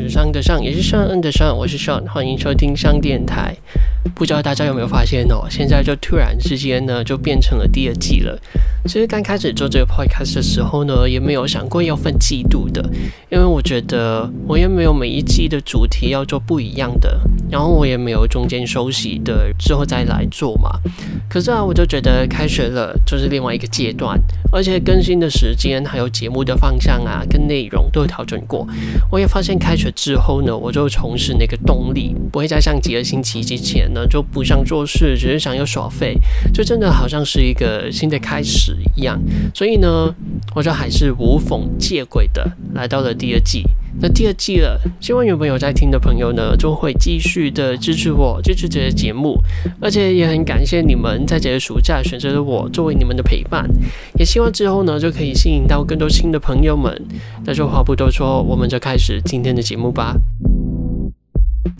是商的商，也是商恩的商。我是商，歡迎收聽商電台。不知道大家有沒有發現哦，現在就突然之間呢，就變成了第二季了。其實剛開始做這個 podcast 的時候呢，也沒有想過要分季度的，因為我覺得我也沒有每一季的主題要做不一樣的，然後我也沒有中間休息的，之後再來做嘛。可是啊，我就覺得開學了就是另外一個階段，而且更新的時間還有節目的方向啊，跟內容都有調整過。我也發現開學之後呢，我就從事那個動力不會再像幾個星期之前。就不想做事，只是想要耍廢，就真的好像是一個新的開始一樣。所以呢，我就還是無縫接軌的來到了第二季。那第二季了，希望有朋友在聽的朋友呢，就會繼續的支持我，支持這些節目。而且也很感謝你們在這個暑假選擇了我作為你們的陪伴。也希望之後呢，就可以吸引到更多新的朋友們。那就話不多說，我們就開始今天的節目吧。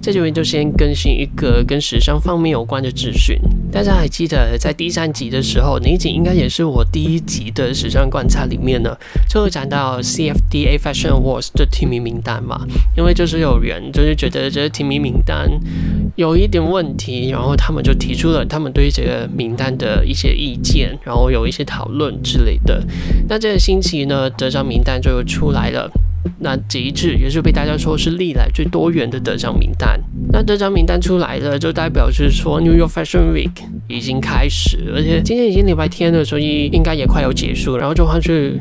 這集就先更新一個跟時尚方面有關的資訊。大家還記得在第三集的時候，你已經應該也是我第一集的時尚觀察裡面呢，就會講到 CFDA Fashion Awards 的提名名單嘛。因為就是有人就是覺得這個提名名單有一點問題，然後他們就提出了他們對這個名單的一些意見，然後有一些討論之類的。那這個星期呢，得獎名單就又出來了。那極致也是被大家說是歷來最多元的得獎名單。那得獎名單出來了，就代表是說 New York Fashion Week 已經開始，而且今天已經禮拜天了，所以應該也快要結束了。然後就換去。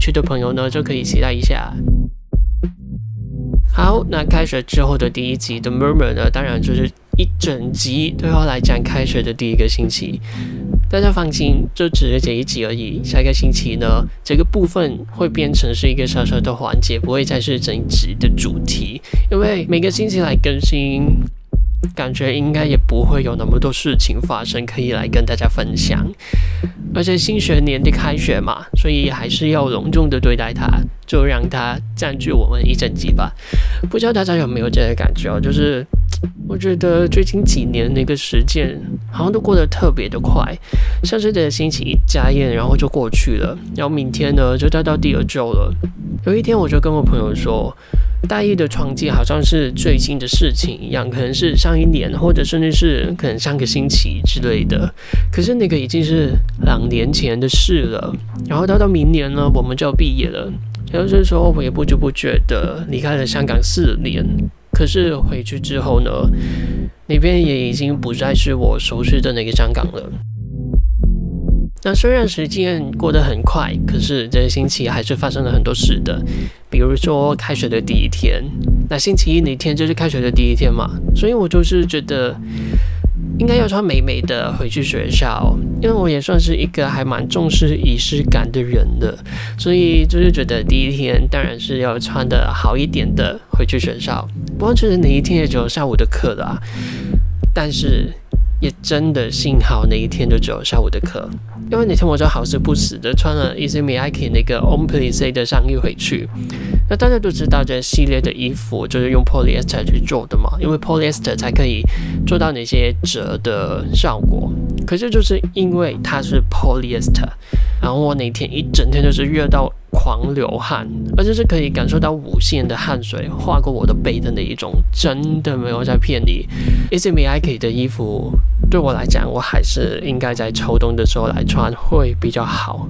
去的朋友呢，就可以期待一下。好，那開學之後的第一集《的 m u r m u r 呢，當然就是一整集，最後來講，開學的第一個星期，大家放心，就只是這一集而已。下一個星期呢，這個部分會變成是一個小小的環節，不會再是整集的主題，因為每個星期來更新。感覺應該也不會有那麼多事情發生可以來跟大家分享，而且新學年的開學嘛，所以還是要隆重的對待它，就讓它占據我們一整集吧。不知道大家有沒有這個感覺哦？就是我覺得最近幾年那個時間好像都過得特別的快，像是這個星期一眨眼，然後就過去了，然後明天呢就到到第二周了。有一天我就跟我朋友說。大一的成績好像是最新的事情一樣，可能是上一年，或者甚至是可能上個星期之類的。可是那個已經是兩年前的事了。然後到到明年呢，我們就要畢業了。也就是說，我也不知不覺的離開了香港四年。可是回去之後呢，那邊也已經不再是我熟悉的那個香港了。那雖然時間過得很快，可是這個星期還是發生了很多事的，比如說開學的第一天，那星期一那天就是開學的第一天嘛，所以我就是覺得應該要穿美美的回去學校，因為我也算是一個還蠻重視儀式感的人的，所以就是覺得第一天當然是要穿的好一點的回去學校。不然其實那一天也只有下午的課啦，但是。也真的，幸好那一天就只有下午的課，因為那天我就好死不死的穿了 Issey Miyake 那個 Homme Plissé 的上衣回去。那大家都知道這系列的衣服就是用 Polyester 去做的嘛，因為 Polyester 才可以做到那些褶的效果。可是就是因為它是 Polyester，然後我那天一整天就是熱到狂流汗，而且是可以感受到無限的汗水劃過我的背的那一種，真的沒有在騙你，Issey Miyake 的衣服。對我來講，我還是應該在秋冬的時候來穿會比較好。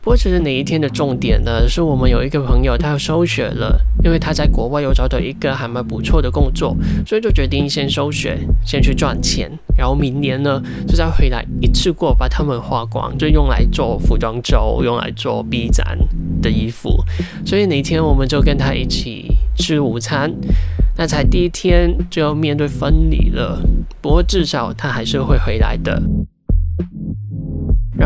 不過，其實那一天的重點呢，是我們有一個朋友他要休學了，因為他在國外又找到一個還蠻不錯的工作，所以就決定先休學，先去賺錢，然後明年呢，就再回來一次過把他們花光，就用來做服裝周、用來做畢展的衣服。所以那一天我們就跟他一起吃午餐。那才第一天就要面對分離了，不過至少他還是會回來的。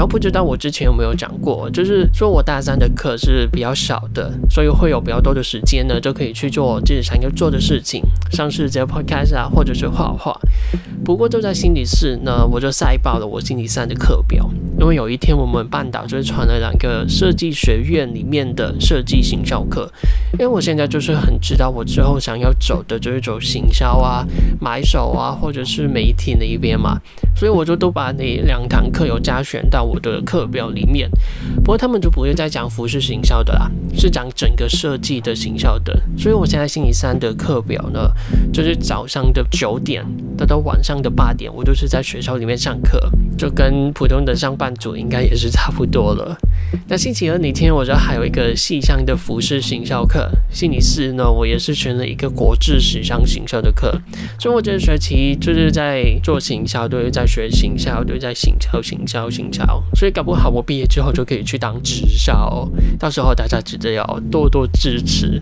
然後不知道我之前有沒有講過，就是說我大三的課是比較少的，所以會有比較多的時間呢，就可以去做自己想要做的事情，像是做 podcast 啊，或者是畫畫。不過就在星期四呢，我就塞爆了我星期三的課表，因為有一天我們班導就傳了兩個設計學院裡面的設計行銷課，因為我現在就是很知道我之後想要走的就是走行銷啊、買手啊，或者是媒體那一邊嘛，所以我就都把那兩堂課有加選到。我的課表裡面，不過他們就不會再講服飾行銷的啦，是講整個設計的行銷的。所以我現在星期三的課表呢，就是早上的九點到到晚上的八點，我都是在學校裡面上課，就跟普通的上班族應該也是差不多了。那星期二那天，我就還有一個時尚的服飾行銷課。星期四呢，我也是選了一個國際時尚行銷的課。所以，我這學期就是在做行銷，對，在學行銷，對，在行銷行銷行銷。行銷行銷所以搞不好我畢業之後就可以去當直銷哦，到時候大家記得要多多支持。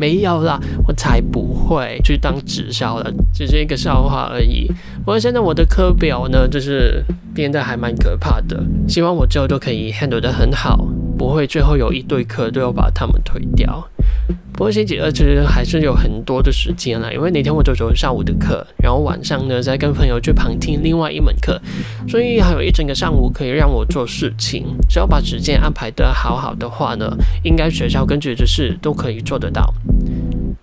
沒有啦，我才不會去當直銷了，只是一個笑話而已。不過現在我的課表呢，就是編得還蠻可怕的，希望我之後都可以 handle 得很好。不會，最後有一堆課，都要把他們推掉。不過星期二其實還是有很多的時間啦，因為那天我只有下午的課，然後晚上呢，再跟朋友去旁聽另外一門課，所以還有一整個上午可以讓我做事情。只要把時間安排得好好的話呢，應該學校根據這事都可以做得到。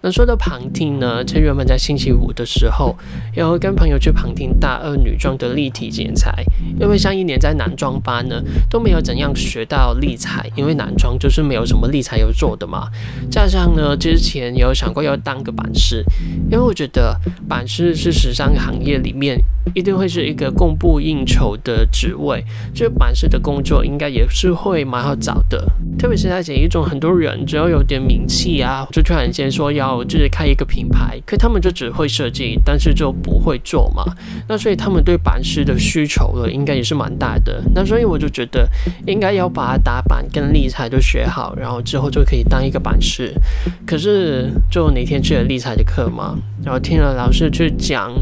那說到旁聽呢，其實原本在星期五的時候，有跟朋友去旁聽大二女裝的立體剪裁，因為上一年在男裝班呢都沒有怎樣學到立裁，因為男裝就是沒有什麼立裁要做的嘛，加上呢之前有想過要當個版師，因為我覺得版師是時尚行業裡面，一定會是一個供不應求的職位，這版師的工作應該也是會蠻好找的，特別是在簡一中，很多人只要有點名氣啊，就突然間說要就是開一個品牌，可他們就只會設計，但是就不會做嘛。那所以他們對版師的需求了，應該也是蠻大的。那所以我就覺得，應該要把打版跟立裁都學好，然後之後就可以當一個版師。可是就那天去了立裁的課嘛，然後聽了老師去講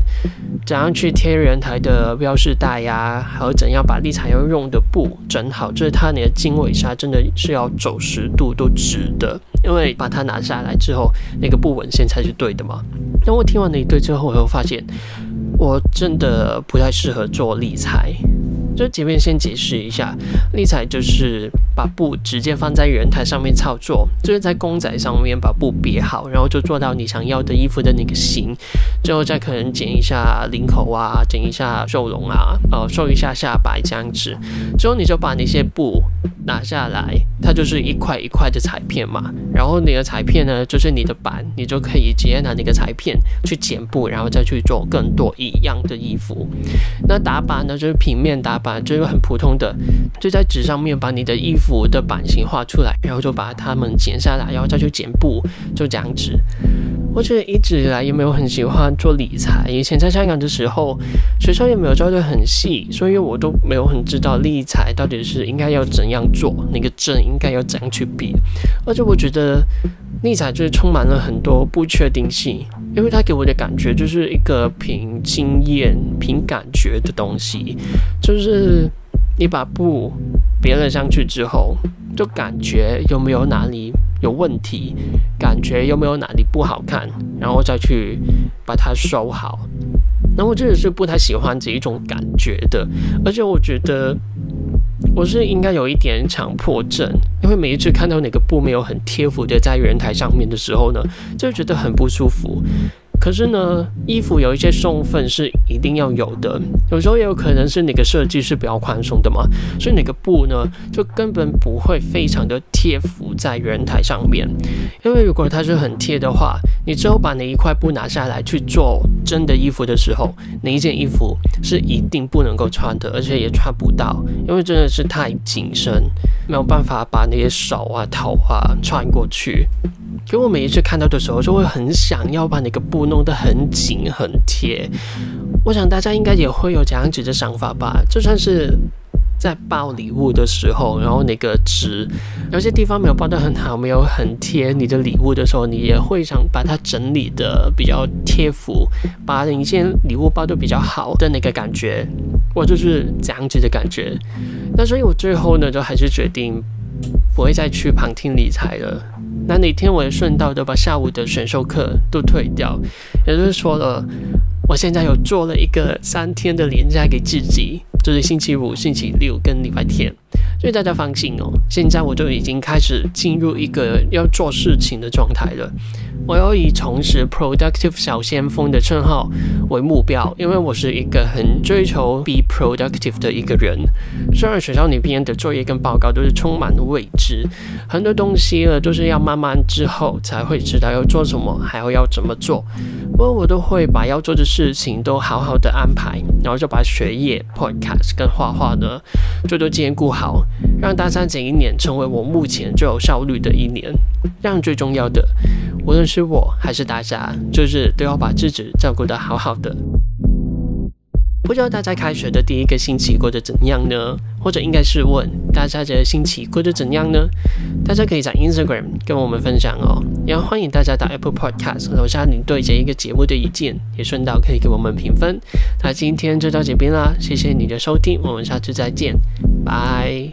怎樣去貼人台的標示帶呀、啊，還有怎樣把立裁要用的布整好，這、就是它你的經緯紗真的是要走十度都直的，因為把它拿下來之後，那個布紋線才是對的嘛。等我聽完了一對之後，我又發現我真的不太適合做立裁。就前面先解釋一下，立裁就是把布直接放在人台上面操作，就是在公仔上面把布別好，然後就做到你想要的衣服的那個型。最後再可能剪一下領口啊，剪一下袖窿啊，呃，收一下下擺這樣子。之後你就把那些布拿下來，它就是一塊一塊的裁片嘛。然後你的裁片呢，就是你的版，你就可以直接拿你的裁片去剪布，然後再去做更多一樣的衣服。那打版呢，就是平面打版，就是很普通的，就在紙上面把你的衣服的版型畫出來，然後就把它們剪下來，然後再去剪布，就這樣子。我覺得一直以來也沒有很喜歡做立裁，以前在香港的時候，學校也沒有教得很細，所以我都沒有很知道立裁到底是應該要怎樣做，那個證應該要怎樣去比。而且我覺得立裁就是充滿了很多不確定性，因為它給我的感覺就是一個憑經驗、憑感覺的東西，就是你把布別了上去之後，就感覺有沒有哪裡。有問題，感覺有沒有哪裡不好看，然後再去把它收好。那我真的是不太喜歡這一種感覺的，而且我覺得我是應該有一點強迫症，因為每一次看到那個布沒有很貼服的在人台上面的時候呢，就覺得很不舒服。可是呢，衣服有一些鬆份是一定要有的，有時候也有可能是那個設計是比較寬鬆的嘛，所以那個布呢，就根本不會非常的貼服在人台上面。因為如果它是很貼的話，你之後把那一塊布拿下來去做真的衣服的時候，那一件衣服是一定不能夠穿的，而且也穿不到，因為真的是太緊身，沒有辦法把那些手啊、頭啊穿過去。給我每一次看到的時候，就會很想要把那個布。弄得很緊很貼，我想大家應該也會有這樣子的想法吧？就算是在包禮物的時候，然後那個紙有些地方沒有包得很好，沒有很貼你的禮物的時候，你也會想把它整理得比較貼服，把一件禮物包得比較好的那個感覺，我就是這樣子的感覺。那所以我最後呢，就還是決定。不會再去旁聽理財了。那那天我也順道的把下午的選修課都退掉，也就是說了，我現在有做了一個三天的連假給自己，就是星期五、星期六跟禮拜天。所以大家放心哦，現在我就已經開始進入一個要做事情的狀態了。我要以從事 productive 小先鋒的稱號為目標，因為我是一個很追求 be productive 的一個人。雖然學校裡邊的作業跟報告都是充滿了未知，很多東西呢都是要慢慢之後才會知道要做什麼，還要要怎麼做。不過我都會把要做的事情都好好的安排，然後就把學業、podcast 跟畫畫呢，就都兼顧好。讓大三整一年成為我目前最有效率的一年。讓最重要的，無論是我還是大家，就是都要把自己照顧得好好的。不知道大家開學的第一個星期過得怎樣呢？或者應該是問大家這個星期過得怎樣呢？大家可以在 Instagram 跟我們分享哦，也歡迎大家到 Apple Podcast 留下你對這一個節目的意見，也順道可以給我們評分。那今天就到這邊啦，謝謝你的收聽，我們下次再見，拜。